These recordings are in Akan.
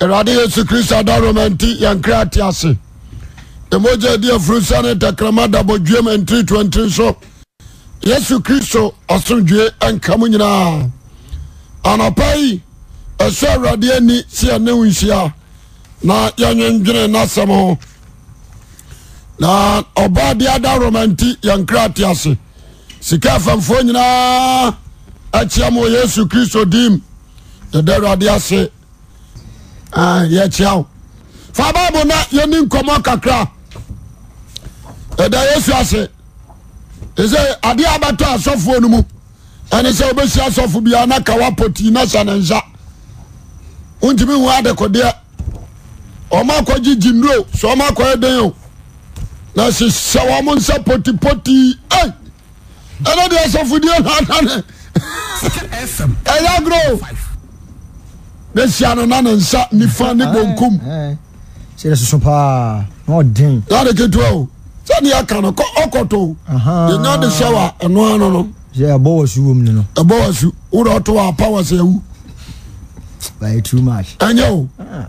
awurade yesu kristo ada aworɔma nti yɛnkra te ase mmogyadi afuru nsane tɛkrama dabɔdwam ntiritoantiri nso yesu kristo asomdwoe nka m nyinaa anapɛyi ɛsɔ awurade ani siɛne wonhyia na yɛwendwene nnasɛm ho na ɔbaa deɛ adaorɔmanti yɛnkra te ase sika afamfoɔ nyinaa akyiamɔ yesu kristo dim yɛda awurade ase Ah, yɛkyia wo fa bible na yɛni nkɔmmɔ kakra ɛda yesu ase ɛsɛ adeɛ abɛtɔ asɔfoɔ no mu ɛne sɛ wobɛsi asɔfo biara na kawapɔtii na hyɛ ne nsa wontimi hu adekodeɛ ɔma akɔgye gyinduro sɛ ɔma akɔyɛ den o na hyehyɛ wɔ mo nsa potipotii ei ɛno deɛ asɔfodie nanane ɛyɛ agorɔ ne sia no na ne nsa nifa ne eh, bonkum eh, eh. sɛdeɛ soso paa na ɔden yɛde ketewa o sɛdeɛ aka no ɔkɔto yɛnya de hyɛ wɔ ɛno ano no sɛ ɛbɔ wɔ su wɔm ne no ɛbɔ wɔ su wode ɔto wɔ apa wɔ sɛ awu bayɛ too much ɛnyɛ o ah.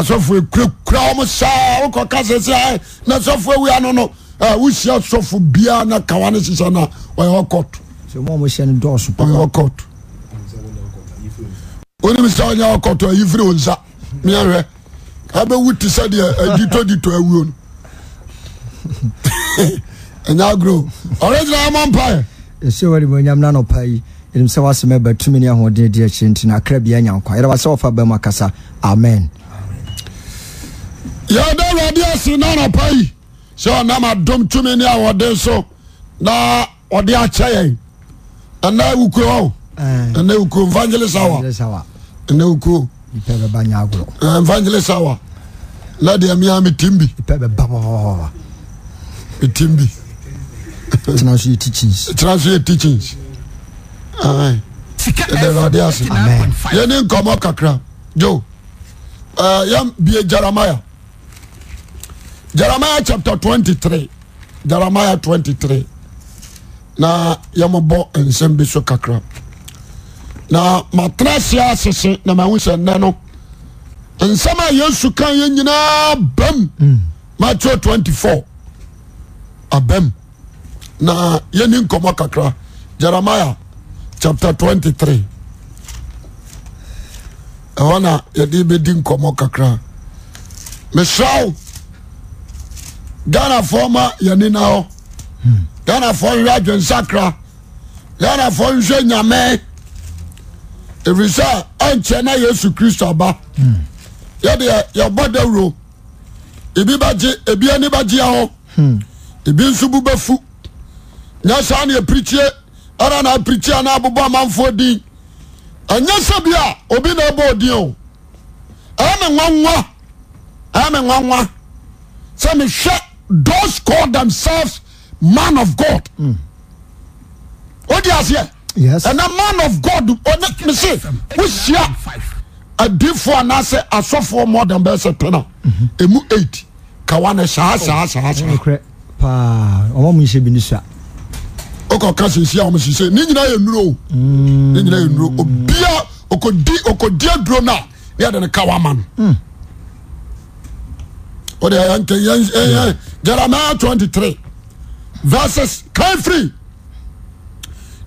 asɔfo ekurakura wɔn saa wokɔ kasa sɛ na sɔfo awia e no no wohyia sɔfo biara na kawa ne hyehyɛ no ɔyɛ ɔkɔto sɛ ma ɔmo hyɛ no dɔɔso paa ɔyɛ ɔkɔto nra sseya nnopai sɛ was batumini ahodendi kyeratinkra bia yanka sɛ wfa am kasa amengels nkvagels aw na demea metemimei kira so yɛ teachins dese yeni nkomɔ kakra o bie jeremia jeremiah chapte jeremia 23 na yɛ mobɔ nsɛm bi so kakra aaeɛeenan nsam a yesu ka yɛnyinaa bam matwo 24 abamu na yɛni nkɔmɔ kakra jeremia chapte 23 ɛayɛdeɛdi nɔ kakra esrao hafɔ ma yannɔ raɔ nya ifiri sɛ ɛnkyɛ na yesu kristo aba yɛde yɛbɔ dawuro ibi bɛgye ebi ani bɛgyeɛ ho ibi nso bo bɛfu nya saa ne yɛprikyie arana prikye ana abobɔ amanfoɔ din ɛnya sɛ bi a obi na ɛbɔ odin o ɛ mewawa ɛ me wawa sɛ mehwɛ dos call themselves man of god mm. odi aseɛ yes and a man of god ɔne me se wohyia adiifoɔ anaasɛ asɔfoɔ more than bɛɛ sɛ tena ɛmu eight kawa no saa saa saa saa paa ɔma mu nhyɛ bi ne sua wokɔ ka seesie a ɔm sesɛ ne nyinaa yɛ nuro o mm. ne nyinaa yɛ nuro obia di. aduro no a ne yɛde no kawa ma no wode yɛnkɛ jeremia 23 verses kan free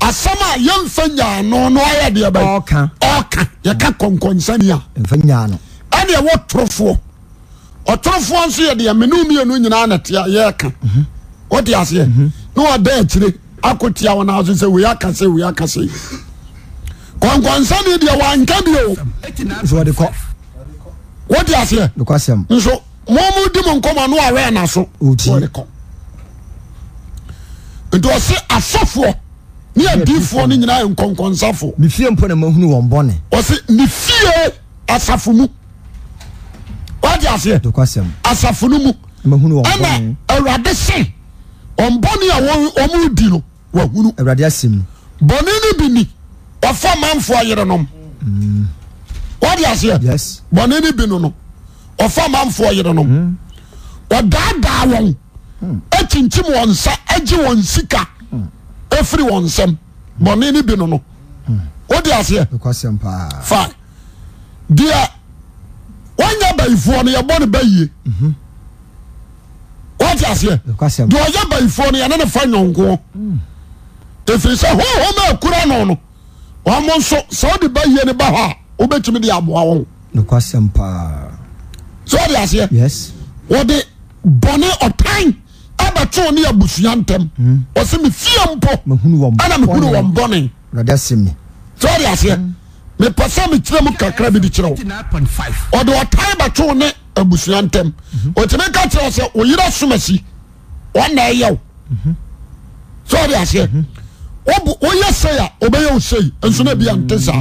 asɛm a yɛmfa nyaano no ayɛ deɛ bɛ ɔka yɛka kɔnkɔnsani a ɛne ɛwɔ torofoɔ ɔtorofoɔ nso yɛdeɛ mene mmienu nyinaa na tea yɛka mhm. wote aseɛ mhm. na wɔda akyire akɔtia wɔn aso sɛ wei aka sɛ wei aka sɛ kɔnkɔnsani deɛ wanka bio wote aseɛ nso mɔmudi mu nkɔmɔ no awɛ na so nti ɔse asɔfoɔ ne adiifoɔ no nyinaa yɛ nkɔnkɔnsafo mefie mpo na mahunu wɔn bɔne ɔse ne fie asafo mu wade aseɛ asafo no mu ɛna awurade se ɔmbɔne a ɔmodi no wahunu awurade asɛm bɔne no bi ni ɔfa manfoɔ yerenom mm. wade aseɛ bɔne no bi no no ɔfa manfoɔ yerenom mm. ɔdaadaa wɔn akyinkyim mm. wɔn nsa agye wɔn sika ɛfiri wɔn nsɛm bɔnne ne bi mm. no no wodi aseɛ fa deɛ wɔnyɛ bayifoɔ no yɛbɔ ne bayie wɔte aseɛ deɛ ɔyɛ bayifoɔ no yɛne ne fa nyɔnkoɔ ɛfiri sɛ hohom a akura no no ɔmo nso sɛ wode bayie no ba hɔ a wobɛtumi de aboa wɔn sɛ wode aseɛ wɔde bɔne ɔtan abatw ne abusua ntm ɔsmefie mɔnɔɛɛpsamekiram kakradkyerɛ dt ba ne abusa t a kerɛɛ yer sosɛɛyɛ sei ɔɛyɛsei nt sɛ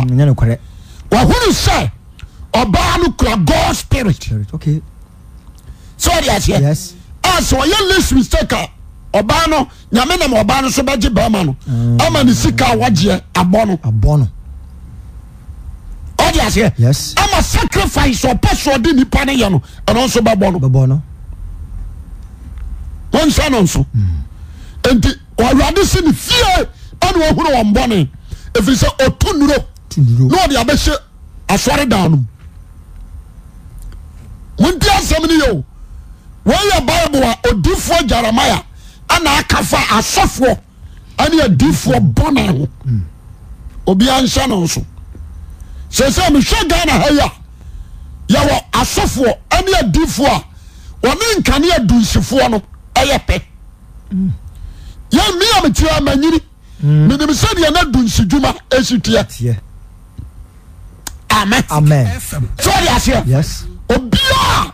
ɔa no kura go spirit sɛdɛ a sɛ ɔyɛ least mistake a ɔbaa no nyame nam ɔbaa no so bɛgye bɛrima no mm. ama ne sika a wɔgyeɛ abɔ no ɔde aseɛ ama sacrifice ɔpɛ so ɔde nipa no yɛ no ɛno nso bɛbɔ no wɔnhyɛ no nso mm. nti ɔwurade se ne fie ɛne wahunu wɔn bɔne ɛfiri sɛ ɔto nnuro na ɔde abɛhyɛ asɔre no mu nti asɛm no yɛ wɔyɛ bible a ɔdifoɔ jeremia anaakafa asɔfoɔ ane adifoɔ bɔne ho obianhyɛ no nso sɛ sɛ mehwɛ gana haia yɛwɔ asɔfoɔ ane adifoɔ a ɔne nkane adunsifoɔ no ɛyɛ pɛ yɛmia metiɛa manyini menim mm. sɛdeɛ nedunsidwuma sitiateɛ aɛɛi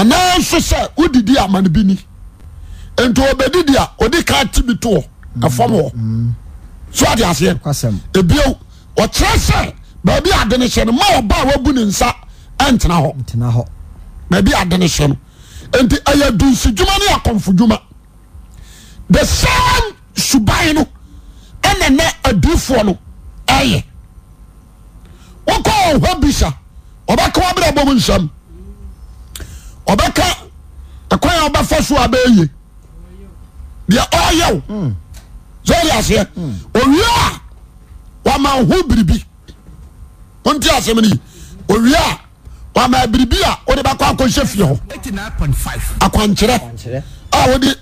anaanso sɛ wodidi a mane bi ni nti ɔbɛdidi a ɔde kaa tibi toɔ ɛfɔm wɔ so ade aseɛ bi ɔkyerɛ sɛ baabi adene hyɛ no ma ɔbaa wabu ne nsa ntena hɔ baabi adene hyɛ no nti ɛyɛ dunsidwuma no yɛkɔnfo dwuma de sam subae no ɛnanɛ adiifoɔ no ɛyɛ wokɔɔhɔ bisa ɔbɛka waberɛ bɔm nsɛm ɔbɛka ɛkwa a wobɛfa so abɛɛye deɛ ɔyɛw sɛde hmm. aseɛ hmm. owie a wama ho biribi honti asɛm no y owie a wama abiribi a wode bɛakɔ akohyɛ fie hɔ akwakyerɛabiri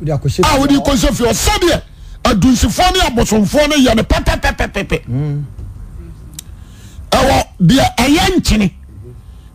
wodekɛ fie hɔ sɛdeɛ adunsifoɔ no yɛbosomfoɔ no yɛne pɛpɛɛɛɛpɛɛwɛ hmm. yɛ nkyene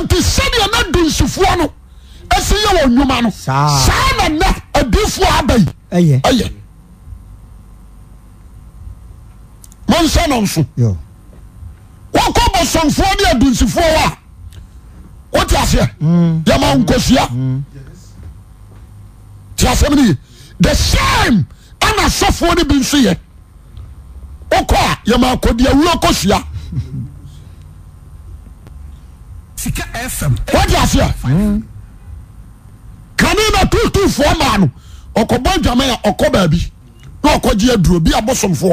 nti sɛdeɛ na du nsufoɔ no ɛsi yɛ wɔ nnwuma no saa na na adiifoɔ aba yi ɛyɛ monhyɛ no nso wɔkɔ bɔsɔmfoɔ ne adunsifoɔ wɔ a wote aseɛ mm. yɛma nkosua mm. Ti asɛm no ye the same ana sɔfoɔ no bi nso yɛ wokɔ a yɛma akɔdi awuro kɔsua sika fm. wọ́n di aseɛ hmm. kàní na tuntun fún ọmọ àná ọkọ bọ́ ntoma yẹn ọkọ baabi na ọkọ jí aduro bí abosomfo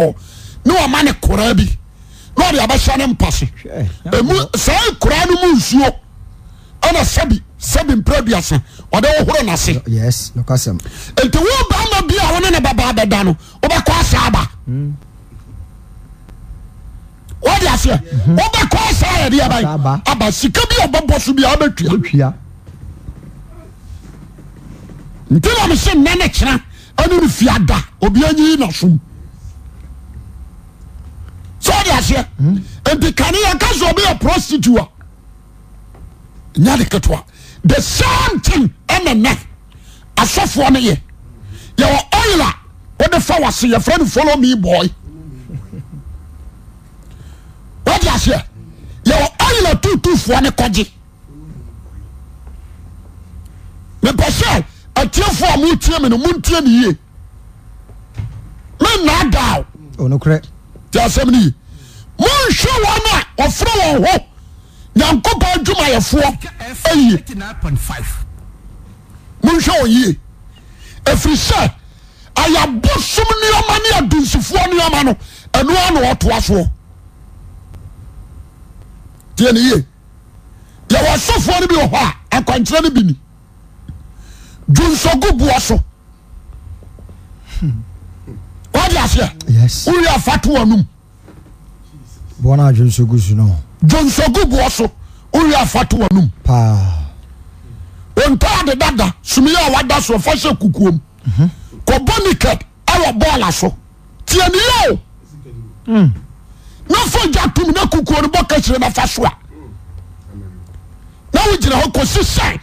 ní wọn ma ne kura bi na ọdẹ abẹsẹ ne mpase emu sáyẹn kura ni mu nsuo ɛna sẹbi sẹbi mpẹrẹduasa ọdẹ ọhúrọ n'ase. yes nukasẹm. nti wọn bá ọmọ bíi àwọn ní ne bàbá abẹ dànù ọbẹ kọ àṣà àbá. Mm. desɛs mhm. aba sika bia bbɔ so biaabta hmm. ntinmese nene kera anen fiada obyna som sde sɛ nt kanykas obeyɛ prostitua yadekt te sm tin ɛnen asfoɔ n yɛ yɛwoila wodefa wase yɛfranefolo mi bo wọ́n di aseɛ yɛwɔ ɔyìnbó tuutuufoɔ ne kɔgye mipɛsɛ atiefoɔ a mo tie mi no mo tie mi yie mi nna daaw onukurɛ ti asɛm ni yi mo nhwɛ wɔn a wɔfrɛ wɔn ho nyankopɔn adwumayɛfoɔ ayie mo nhwɛ wɔn yie efiri sɛ ayabosom nneɛma ne adunsifoɔ nneɛma no ɛnua na ɔtoa soɔ. yɛwsofo n iwhɔ ankyera no bin s sɛ fan ontadedada smɛwada sofasɛ kuom koonike awa bala so mhm. tianyo nafa gya tom na kukuo no bɔka kyerɛ nafa so a na wogyina hɔ kɔsi sɛn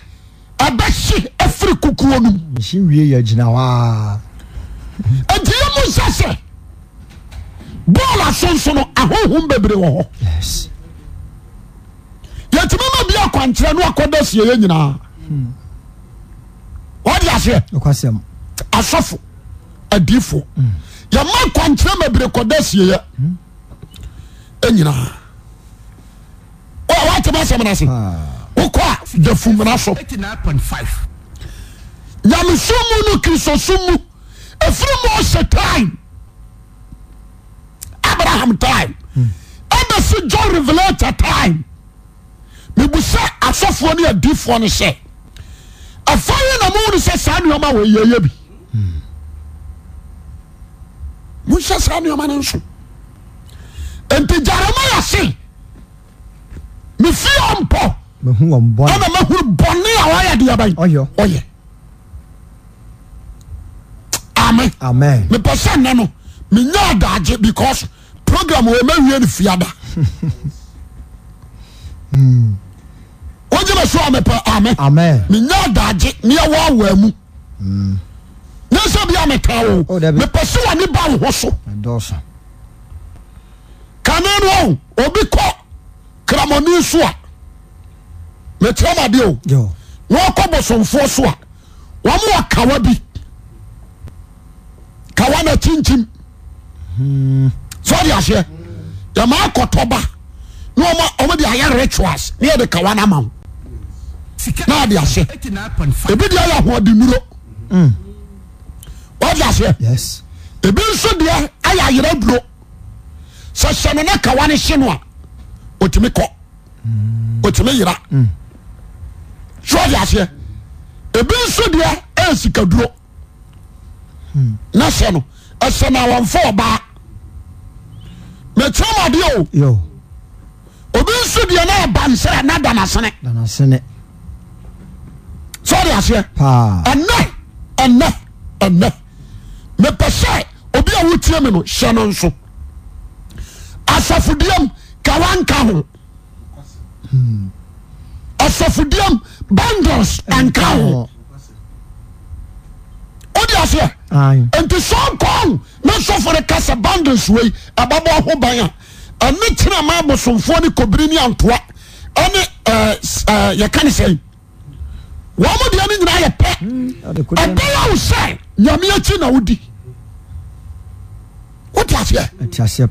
abɛhye afiri kukuo no mu nti yɛ mu sɛ sɛ bɔɔl asonso no ahohom bebree wɔ hɔ yɛtumi ma bi akwankyerɛ no akɔda sie yɛ nyinaa wɔde aseɛ asɔfo adiifoɔ mm. yɛma akwankyerɛ bebree kɔda sie yɛ mm. ɛnyinaa waate masɛm no se wokɔ ah. a dafumana son5 yamesom mu no kristosom mu ɛfiri mosɛ time abraham time ɛbɛsɛ hmm. jo revelota time mebu sɛ asɔfoɔ no yadifoɔ no hɛ afaye namoono sɛ saa ndeɔma wɔyeya bi mohyɛ saa nnoɔma no nso nt jerema se mefiompoan mahur bone aayadiaba y ame mepose neno meya dage because programe woma wieno fiada woyemesoa mp ae meya dage meawawamu nansa biametao mepesewa ni bao ho so ane no o obi kɔ kramɔne so a mekyerɛmadeɛ o na ɔkɔ bosomfoɔ so a wɔma wɔ kawa bi kawa na kyinkyim hmm. sɛde aseɛ yɛmaa kɔtɔba na ɔmode ayɛ rituals ne yɛde kawa no ama wo na ade aseɛ ebi deɛ yɛ ahoɔde nnuro wɔde hmm. aseɛ ebi nso deɛ ayɛ ayerɛ duro sɛ hyɛ no na kawa no hye no a ɔtumi kɔ ɔtumi yera sɔde aseɛ ebi nso deɛ ɛyɛ e sikaduro na hyɛ no ɛhyɛ no awɔmfa ɔbaa mɛkyerɛ ma adeɛ o obi nso deɛ na ɛba nsɛrɛ na danasene sɔde aseɛ ɛnɛ ɛnɛ ɛnɛ mepɛ sɛ obi a wotie mi no hyɛ no nso asafodiam kawa nka ho asafodiam bandles anka ho wodiaseɛ nti sonkɔ ne sɔfore kasa bandes wei ababɔ ho ban a ɛne kerama bosomfoɔ ne kobirini antoa ɛne yɛka ne sɛi waamɔdea ne nyina yɛpɛ ɛbɛyao sɛ nyamea kyi na wodi woaseɛ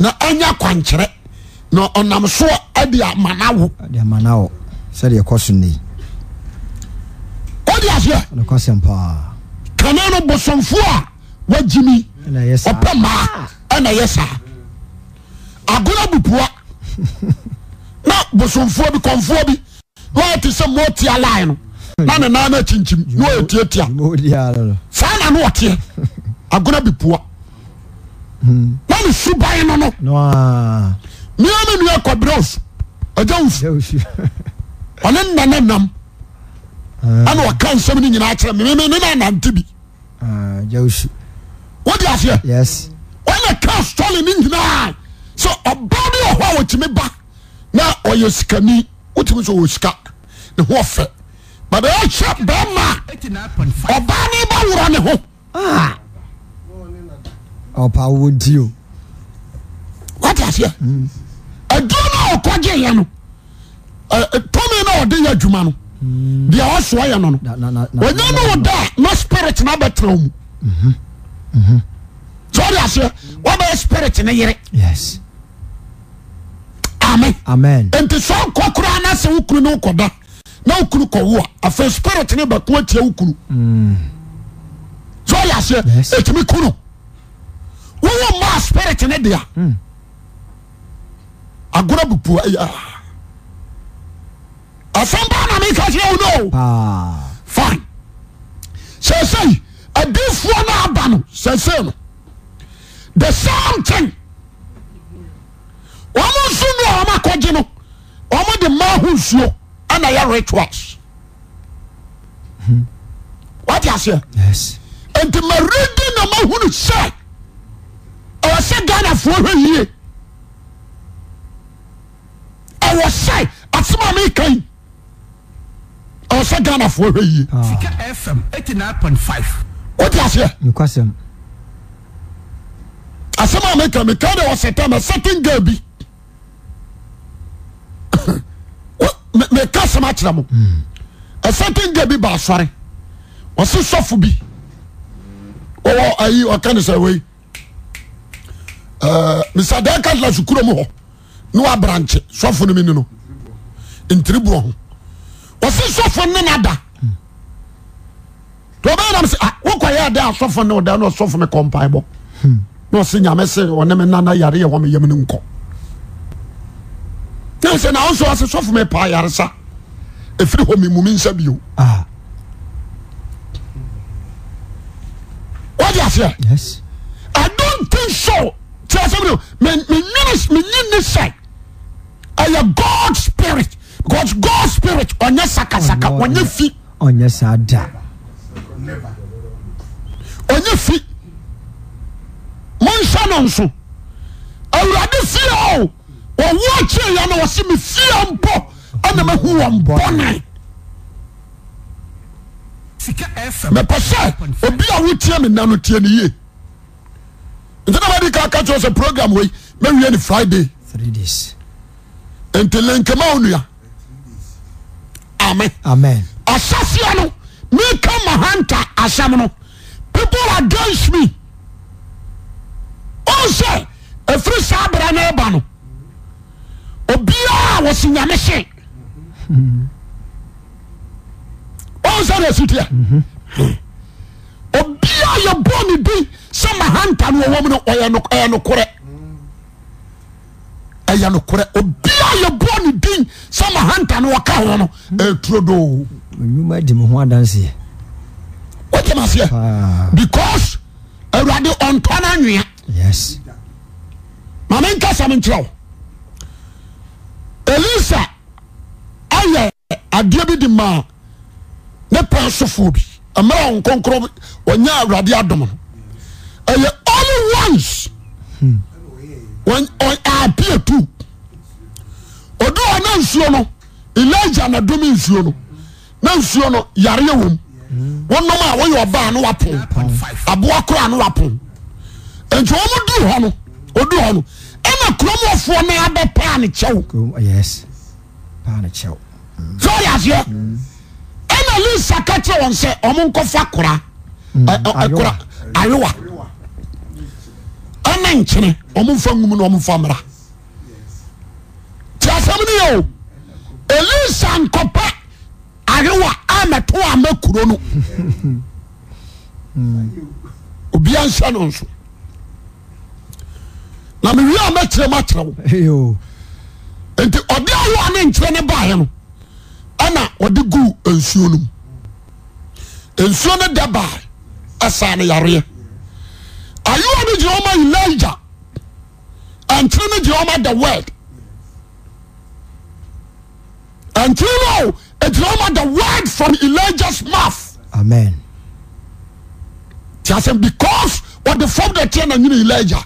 na anya kwankyerɛ na ɔnamsoɔ adiamanaonsɛdeɛsoni odiasɛ kane no bɔsomfuɔ a wagyimiɔpɛ maa ɛna yɛ saa agona bipua na bɔsomfoɔ bi kɔnfoɔ bi ayɛte sɛ mmo tiali no na ne naa noakiimna ɛtitia saa na no ɔteɛ agona bipua hmm. enkasne ah. nane nam nkasonyinakenatebi os n kaon yina soadhtimi ba na yɛ sikani wotimwsika ofe buh ama anwrnho wate aseɛ adwuno a ɔkɔyeɛ no oi no ɔdeyɛ adwuma no deɛsoayɛ no nan wodaa na spirit no bɛtra mu ɛde mhm, mhm. aseɛ wbɛyɛ spirit no yere a nti sɛ kka nasɛ wo nunana woo a spirit noatia woɛɛu wwmaa spirit no dea mm. agorɔ bupua ya asamba na mi ka kyerɛ wo no fine sɛsɛi adiifoɔ no aba no sɛsɛi no the same thing wɔn nso nu a wɔn akɔgye no wɔn de mmaa ho nsuo ɛna yɛ rituals hmm. wate aseɛ nti ma redi na ma hu no sɛ ɛwɔ sɛ ghanafoɔ hwɛ yie. awosei asem a ah. me kai awse ganafo ey95wotase asmameka mekade wosetem sentinga bimeka sem akera mo hmm. setinga bi basore wosesofo bi wow ai kane se we misade ka tla sukuromh ewabranche sofonomene ntrib se sofo nen dafusaon tink someene se ayɛ god spirit ecaus god spirit ɔnyɛ sakasaka nyɛ fy saada ɔnyɛ fi monsa no nso awurade fie o ɔwo kiana ɔsemesia mpɔ anamahu wmɔn mɛpɛ sɛ obi a wotia me na no tia no yi nti na made kaka k sɛ program ei mɛiɛ no fivday ɛnti lenkema onua amea asaseɛ no mekɛ mahanta asɛm no people agange me ohu sɛ ɛfiri saa bra no ɔba no obiaa wɔsi nyame hye ɔnu sɛne asitia obiaa yɛbɔ ne bi sɛ mahanta no wɔwɔ mu no ɔyɛ nokorɛ yɛnokor obia yɛboa ne din sama hanta no wɔka no ɛturdooɛ tamseɛ because awurade ɔntɔa no awea mamenkɛ sam nkyerɛ wo elisa ayɛ adeɛ bi di maa ne pɛ sofoɔ bi mmra onkonkr ɔnya awurade adomno ɛyɛ al ons apia tu ɔdu hɔ na nsuo no elija na domi nsuo no na nsuo no yareɛ wɔ mu wɔnom a wɔyɛ ɔbaa no wapo aboa koraa no wapo nti wɔn du hɔ no ɔdu hɔ no ɛna kuromɔfoɔ no abɛ paa ne kyɛw sɛ ɔyɛ aseɛ ɛna lisa ka kyerɛ wɔn sɛ ɔmo nkɔfa kora mm. eh, eh, eh, kora ayowa. nekefaa tiasɛm no ɛnesankopa arewa amatooama kurono obiansa noso namewi amakyerɛmkyerɛwo enti ɔde awo ne nkerɛ no baheno ana de g nsuono nsuo no dabaasan an oh, a elija and tr gea the word and tn ga the word fromelija's mathn tsm because ohe foete elija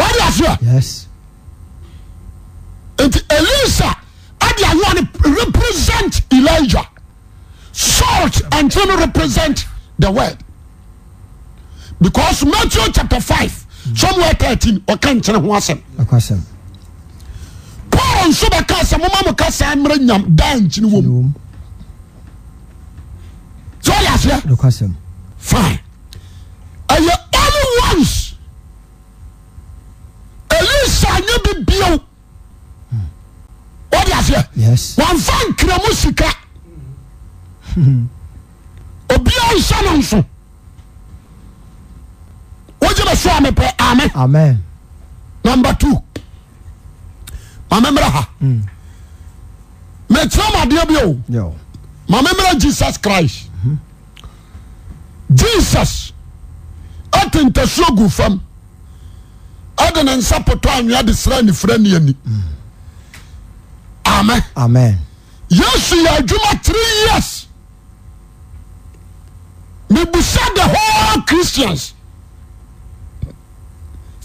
wadeas nt elisa ad represent elija sort and trrepresent hed because Matthew chapter five somewhere thirteen ọ̀ka nkyẹn ho asẹm Paul nso bẹ ká sẹ mo máa mo ká sẹ amúrẹ nyam dan nkyẹn wọm tí wọ́n yà sẹ́ fine ẹ̀yẹ only once Elisa nye bi biew wọ́n yà sẹ́ wọ́n fa nkiramu sika hmm. obi a nsa ne nso. ae number two mamemerha metiram mm. ade bio mamemere jesus christ mm-hmm. jesus atentesuogu fam edene nsaputo aea deseranifreniani mm. ame yesu y ajuma tree years mebusa the whole christians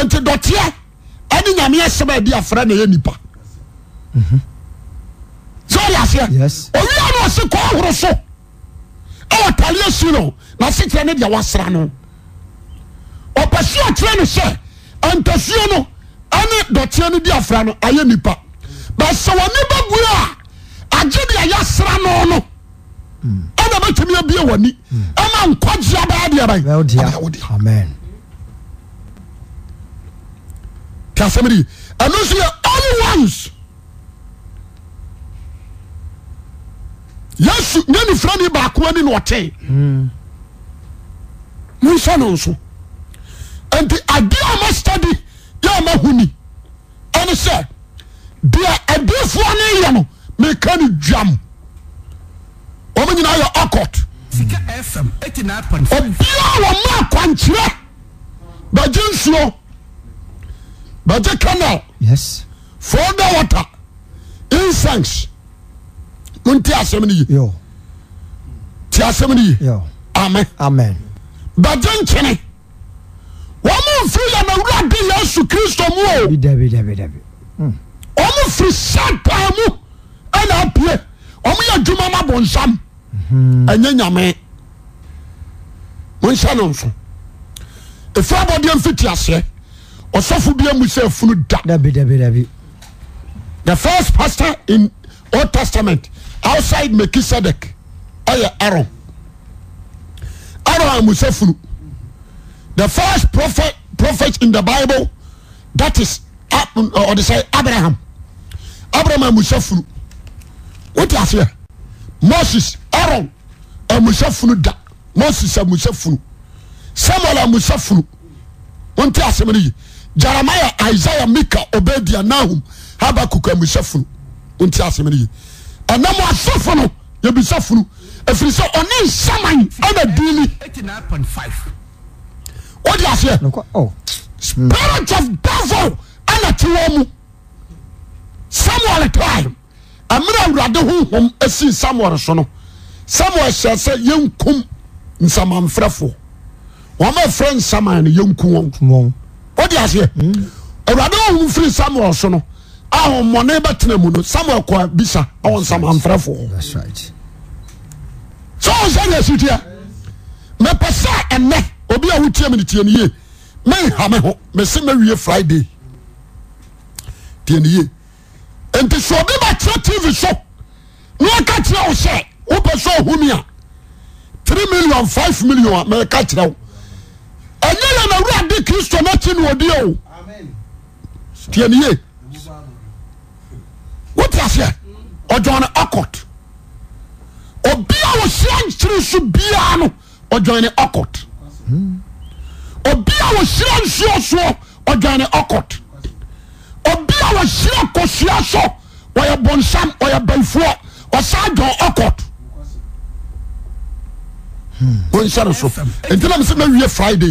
nti dɔteɛ mhm. ne nyame sɛbɛa di afra nayɛ nipa ɛɛihooonaeɛraɛamiabini ɛma nkɔgyeabaade asɛɛnosoyɛ on ons yɛsyɛnifra nebaakoma ni ne ɔtee hmm. monsane so nti adeamastadi yɛma honi ɛne sɛ deɛ adiofoɔ ne yɛno meka ne duam ɔma nyinayɛ akot ɔbiaa ɔma kwankyerɛ bage nsuɔ e canal foewate insen otasmntasɛm nyeame bede nkyene amo mfiri la nawurabi yesu kristo muo omo firi sapamu anepue omoyɛ adwuma mo bonsam ny nyameoɛofobmfitasɛ fmsfu ddthe first pastor in old testament outside melkisedek ɛyɛ aron aron amusafun the first prophet in the bible that is uh, odesɛ abraham abraam amua fun moses aron amusa fun d moses amsa funsamuel f jaremaia isaia mika obedia nahum abakamus fɛnɛmasofo no yɛmi funu ɛfii sɛ ɔne nsaman anadini5 odeaseɛ sparag of davol anate wɔ mu samuel ta merɛ awurade hohom asi samuel so no samuel hyɛ sɛ yɛnkum nsamamfrɛfoɔ ma frɛsaman no yɛnkuwɔ odeaseɛ awurade mofri samuel so no amɔne bɛtena mu no samuel koa bisa ansam amfrɛfo ssɛneasa pɛsɛ nɛ weam h msemi fridaobi bakerɛ tv so neɛka kyerɛ wo sɛ wopɛsɛ homia 3 million5 million a mɛka kerɛo ɛnyɛ yɛnawura de kristo no aki noɔde o tianye wotiasɛ ɔne obia ɔ hira nkyere so biara no ia hira nsu sɔe ia hira kosua so yɛ bɔnsayɛbafoɔ sawnɛ frida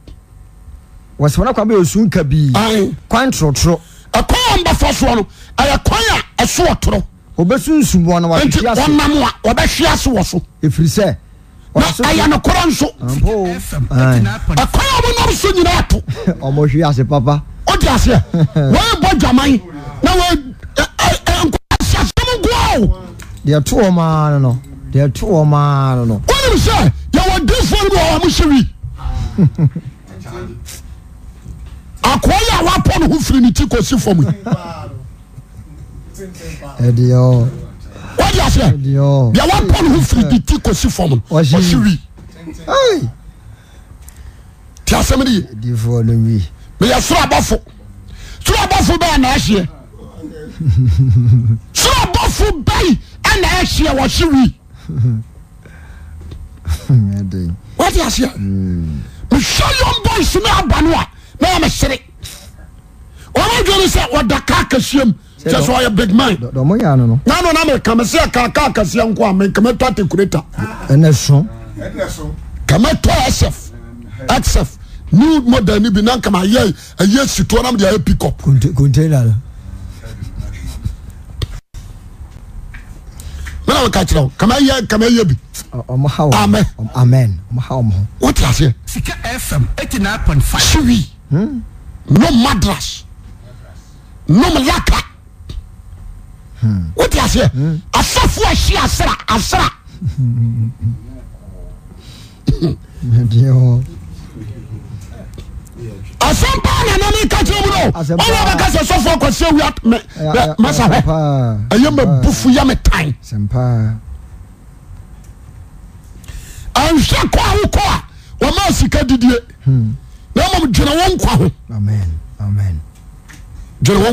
nwan ɛsuka bi a t ɛfa ɛso ɛ ɛ s sɛfɛɛyɛnok nsa ɛnonyina ase papa seɔdwaasɛnk ne sɛ yɛwmhɛi akywaponoo frino t kosi fomeswp fri t os f s tsemdeysoroffan sroofo b anhee se w eses si eseri mn se odakakesie ye bigmkmekkkeskeett emetxf ne denib nemeye sit nmy pepekremeyeb Hmm? no madras nom laka wote aseɛ hmm. asafo ahyi asra asra asɛm paa na nane ka kyerɛ mu no ɔne wobɛka sɛ sɔfoɔ kɔsɛ wia masa hɛ ɛyɛ mabufo yɛ me tan anhwɛ kɔ a wokɔ a wɔma sika didie hmm. gena wo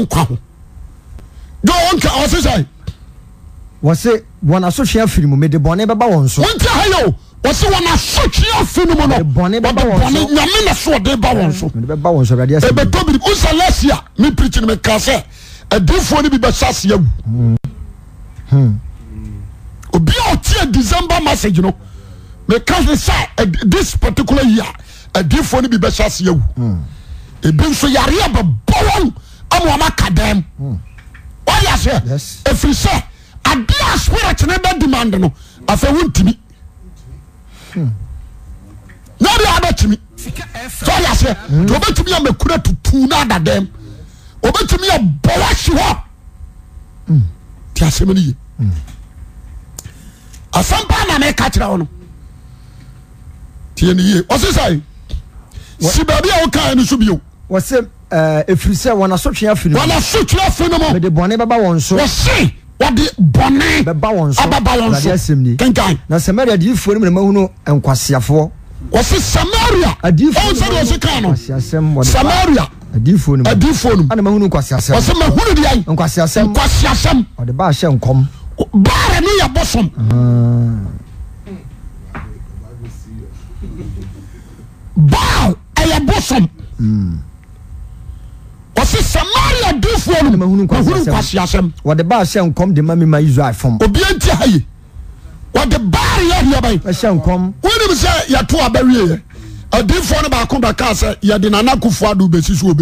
nka ho gnaw nka hɛntsnsea fin nɛsaasia mepin ka sɛ aumfɔ n b bɛsasea ɔteɛdecembe masag no hmm. hmm. mekasɛthis particular yia adifo no bibɛsɛ seywu ebinso yareɛ bɛbɔɔn amoama ka dam ysɛɛfiri sɛ aeskenebɛ demand no afwontimi bbkimi eh, sɛ hmm. tbɛtumiamakura tutu hmm. no adadam obɛtumia bɔ he hɔ hmm. tiasmanye afampanameka kerɛwono tin sesi si baabi a wokaɛ no so bio wɔse ɛfiri eh, sɛ wɔn asotwe afi no wɔn asotwe afi no mu mede bɔne bɛba wɔn so wɔse wɔde bɔne bɛba so ababa wɔn so asɛm ni kankan na samaria adiyifoɔ no mu na mahunu nkwaseafoɔ samaria ɔn sɛ ni ɔse kaa no samaria adiyifoɔ no mu adiyifoɔ no mu ana mahunu nkwaseasɛm wɔse mahunu de ayi nkwaseasɛm nkwaseasɛm ɔde baa hyɛ nkɔm baara ne yɛ bɔsɔm baal. bos se samaria adnfɔ nossmdebasyɛ nkm demamasafomodebayɛwenm sɛ yɛto abarie adinfuɔ no baako bɛka sɛ yɛde nanakofu ado besi so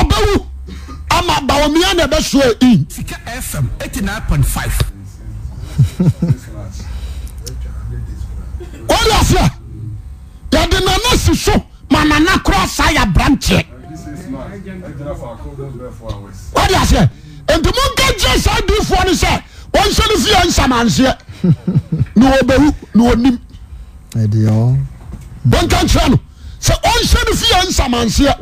ɔbɛu ama bawomia na ɛbɛsoa in sika fm 89.5 wọ́n aseɛ yɛde nana si so ma nana kora saa yɛ aberanteɛ wọ́n aseɛ nti mo nka gye saa diifoɔ no sɛ wɔn nhyɛ no fie nsamanseɛ na wɔbɛwu na wɔnim wɔnka nkyerɛ no sɛ ɔnhyɛne fie samanseɛ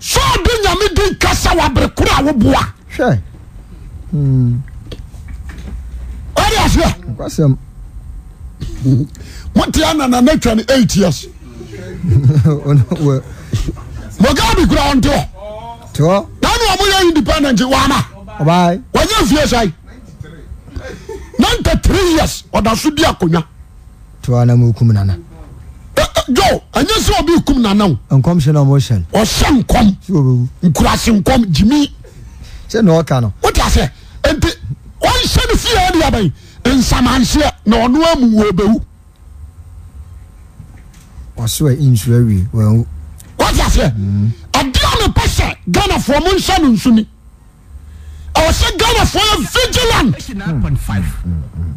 sɛ de nyamede kasa waberekora woboa hmm. easeɛ motea nananatwane eih yearsmgabkora wo nt anmyɛ independen wye mfie sai nante 3re years ɔdaso biakona jo ɛnyɛ sɛ obi kum nanaw nkɔm hyɛ na ɔmo hyɛ no ɔhyɛ nkɔm sɛ ɔbɛwu nkurase nkɔm gyimi sɛ na ɔka no wote asɛ nti ɔnhyɛ no fie ade abɛn nsamanseɛ na ɔno amu wɔ ɔbɛwu ɔso a nsu awie wɔnwu wote aseɛ mm. ɔdeɛ ne pɛ sɛ ghanafoɔ mo nhyɛ no nsu ni ɛwɔ sɛ ghanafoɔ yɛ vigilant mm, mm,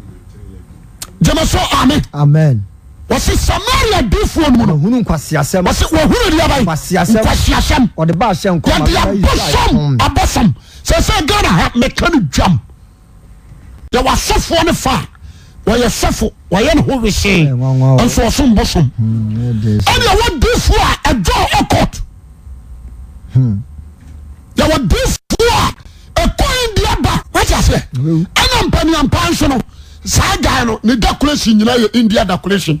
gyeme so amen amen wɔsi samaria diifoɔ mu no wɔhunu nkwasiasɛm wɔsi wɔhunu diaba nkwasiasɛm nkwasiasɛm wɔde ba ahyɛ nkɔm yɛde abɔsɔm mm. abɔsɔm sɛsɛ ghana ha mɛka no dwam yɛwɔ asɔfoɔ no fa wɔyɛ sɔfo wɔyɛ ne ho wesee nso wɔso mbɔsɔm ɛnna yɛwɔ diifoɔ a ɛdɔ ɔkɔt hmm. yɛwɔ diifoɔ a ɛkɔn diaba wɔte aseɛ ɛnna mpanyinampa nso no saa guy no ne decoration nyinaa yɛ india decoration.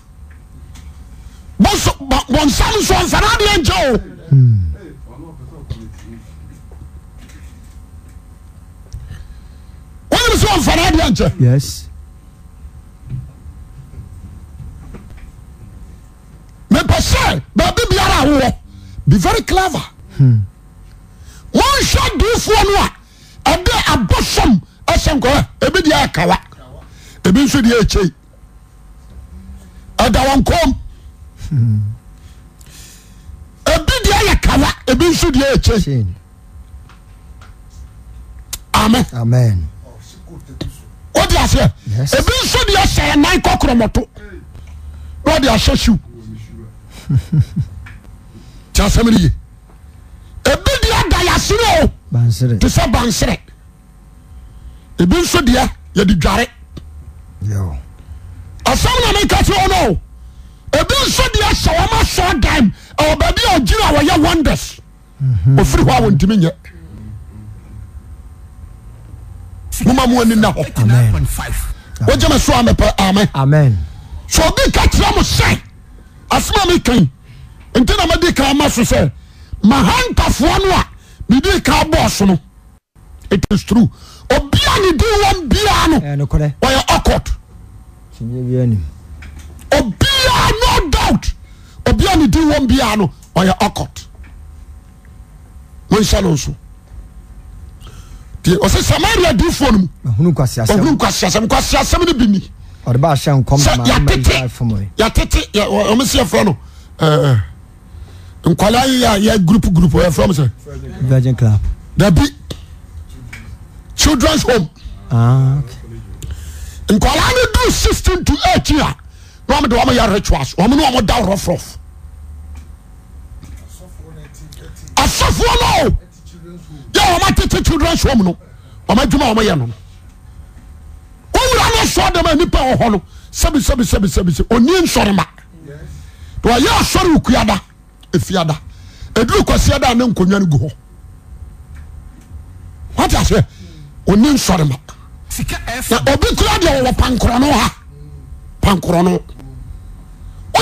osam soafanadiankeo aamsoafanadianke mepɛ sɛ baabe biara awowɔ be very clever hmm. wonhwɛ dufoo no a ɛde abosom asenkoa ebidia akawa ebi nsu de kyei adawankom Hmm. ebideɛ yɛ kawa ebi nso deɛ yɛ kye ame wotiasiɛ ebi nso deɛ sɛnan kokoromɔto ne wade asa si ti asam ne ye ebidia dayase ri o ti sɛ banserɛ ebi nso dea yɛdidware asam nomenkation obinso deɛ sɛ ɔmaso dai m ɛɔbaabi a ɔgyina a wɔyɛ wonders ɔfiri mhm. hɔ a wɔ ntimi nyɛ noma moanina hɔ5 wogyamɛsoamɛpɛ ame sɛ ɔdei ka kyerɛ mo sɛn asoma mekan nti na madei ka ma so sɛ mahanpafoɔ no a bidii ka bɔɔso no itis true ɔbia ne di wɔn biara no ɔyɛ cod obia no doubt obi a ne di wɔn biaa no ɔyɛ mo hyɛ no sose samaria difono muunkaseasɛm no biniɛeɔmseyɛfrɛ no nkwada yyɛ group group yɛfrsɛcs abi children's hom nkwada nod o e mya reas dafo sofonnsora sr kda n soraaanror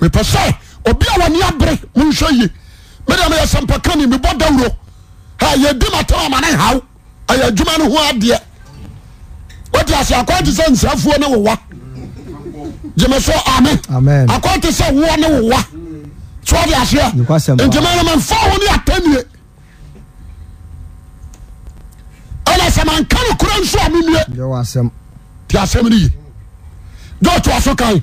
mepɛ sɛ obi a wɔne abere monhwɛ ye mede meyɛ sɛmpaka ne mebɔ dawuro ha yɛdi matam ama ne haw ɛyɛ adwuma no ho adeɛ wote ase akwan te sɛ nsrafuo ne wowa gyeme so ame akwan te sɛ woɔ ne wowa so wode aseɛ nti manomamfa ho ne atanie ɛna sɛ manka no kora nso a mennue nti asɛm no ye dɔtoa so kae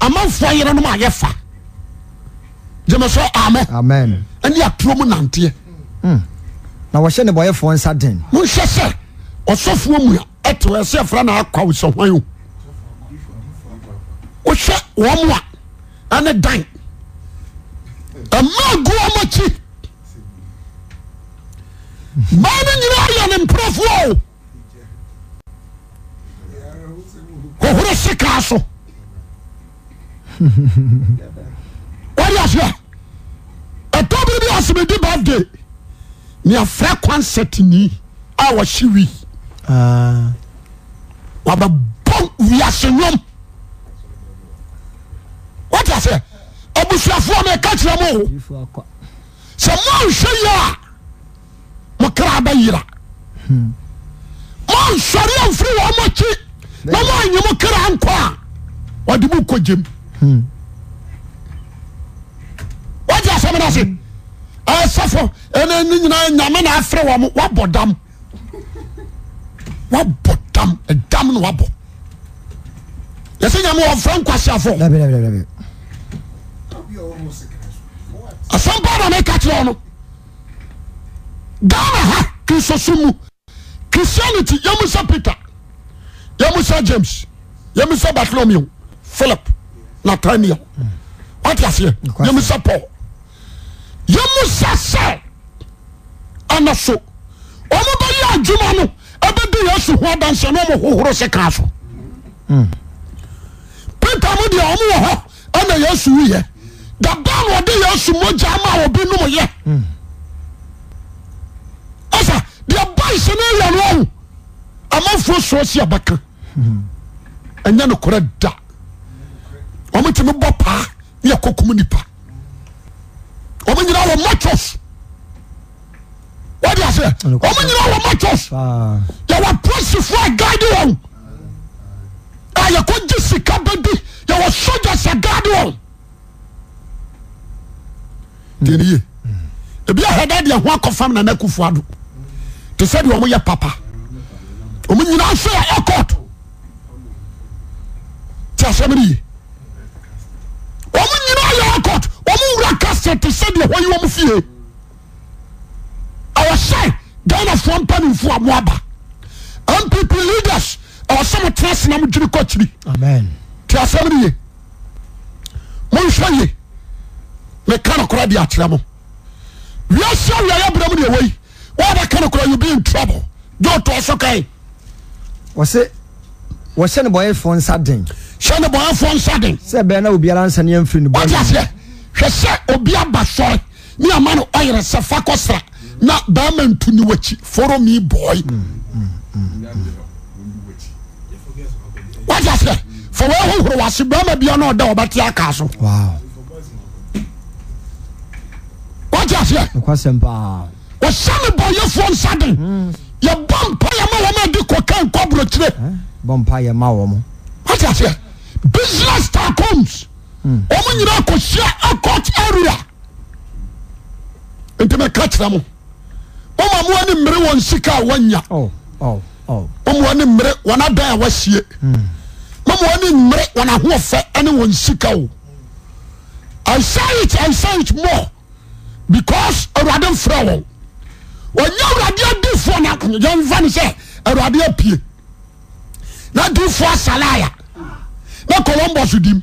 amafoa yeromyɛ fa gemɛsɛam ɛne apuomu nanteɛ hmm. na wɔhyɛ nebɔyɛ foɔ nsa de onhyɛ sɛ ɔsɔfoɔ mu a ɛt ɛsea fra na akwa wosa han o wohwɛ wɔma ɛne dan ama goama ki ma na nyina ayɛ ne mprafuooroska s ware aseɛ otobre bi wasemedi bada neafra konset ni a wase wi waba bo wiase nwom wateasɛ obusuafoɔ me ɛka kyerɛ moo sɛ monswɛ yea mo kra bayera monsarea mfiri wamakye na moaye mo kra nko a wade monkogyem waya asameno se asafo ɛnene nyina nyamena afrɛ wa m wabɔ dam wabɔ dam dam ne wabɔ yɛsɛ nyame wfra nkwasiafo asam paanane ɛka kyerɛ wono dana ha kisosom mu christianity yamosa peter yamo sa james yamosa batolomi philip natanialtaseɛ ymsɛ p yɛm sɛ sɛ anaso ɔmabɛyɛ adwuma no ɛde yɛasu ho adansɛno ɔmhohoro seka so patam deɛ ɔmɔh ɛnayɛsumoyɛ daanaɔd yɛsumama ɔbinomyɛ s deɛba sɛne ɛyanoɔ amafuo soasiabɛka ɛyano krda ometemebo pa meyakokom nipa ome yena wo atesys sadye sika yead e bih de hoako famen kufdo te sed omye papa omeyina soa tasemeye d iwom fieweaap leaers e teaenamii kkrka aram mwat o ɛsɛ obiaba sɔre me amano ɔyere sɛ fa kosra na baama ntuni wakyi foromi boiɛ f whohoro wse bama binoda bɛteka so hmm. ɛ sɛme bɔyɛf nsade yɛɔmpa yɛmam de kk nkrkerɛɛsinesstacms ɔmo nyina kosia acoc area enti meka kyerɛ m moma mowanimmere w sika waya wanimmerenɛ wasie mnemmere wnahoɔ fɛ new sikao sai nsaic mɔ because aruade mfrɛ w ya e adufo n mn sɛ arude apie na dufo asalaa na colombus odim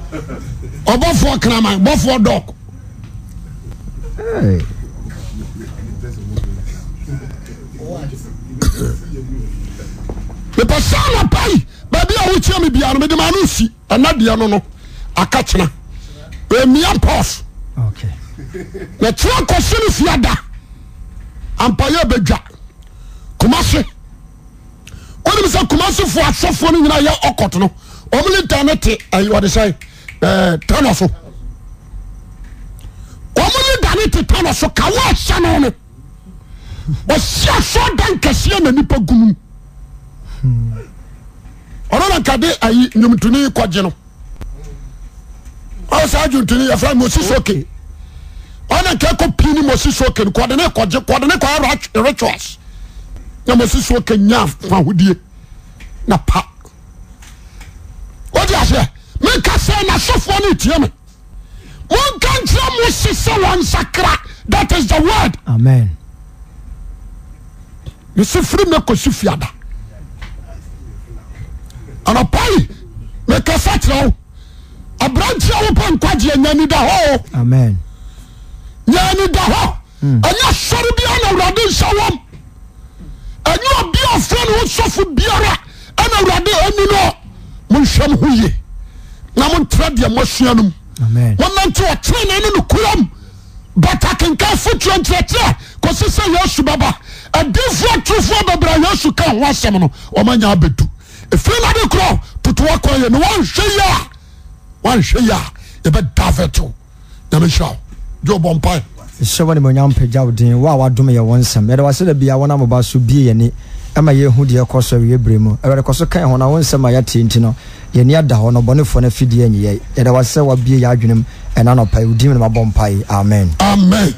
ɔbɔfoɔ kraman bɔfoɔ dɔk mepɛ saa na pai baabi a wokyia me biara no mede maa no si ɛna deɛ no no aka kyena ɛmia pɔs na kyerɛ kɔse no fie ada ampayɛ bɛdwa kumase wonim sɛ kumasefoɔ asɔfoɔ no nyina yɛ ɔkɔt no ɔmne ta ne te ɛyɛ ɔde sɛe tano so ɔmo ne dane te tano so kawo ahyɛ no no ɔsi aso dan kɛseɛ na nipa gumum ɔno na nkade ayi nwomtoni kɔgye no ɔyɛ saa adwontoni yɛfrɛ mosi soke ɔna nka kɔ pii ne mosi soke no kɔde ne kɔgye kɔde ne kɔyɛ rituals na mosi soke nya fahodie na pa wode aseɛ sɛ nasofo ne tiam mokankerɛ mo se sɛ wonsakra thatis the d mesfrimko s fidaanamkasatr arantiwopank yandah yandah nya sre bia na rde nsɛwo biofn oofo br nn na montra deɛ moasua no mu monante ɔkyerɛ na ne no kuram but akenka fotuo nkyerɛkyerɛ kɔsi sɛ yesu baba adifoɔ tufoɔ bɛbrɛ yesu ka ho asɛm no ɔmanya abɛdu ɛfiri na de korɔ totoa kɔ yɛ no wanhwɛ yi a wanhwɛ yi a yɛbɛda fɛto nyamehyɛ wo gye wobɔ mpae ɛhyɛ wɔ ne manyam pagya wo den wo a wadom yɛ wɔ nsɛm yɛde wasɛ da bia wɔn amaba so bie yɛni ɛma yɛhu deɛ ɛkɔ so awiɛ berɛ mu awurade kɔ so kan ho na wo nsɛm a yɛte nti no yɛni ada hɔ no bɔnefoɔ no afidie anyiyɛ yɛda wa wabie yɛ adwenem ɛna nɔpae wodim no mabɔ mpae amen amen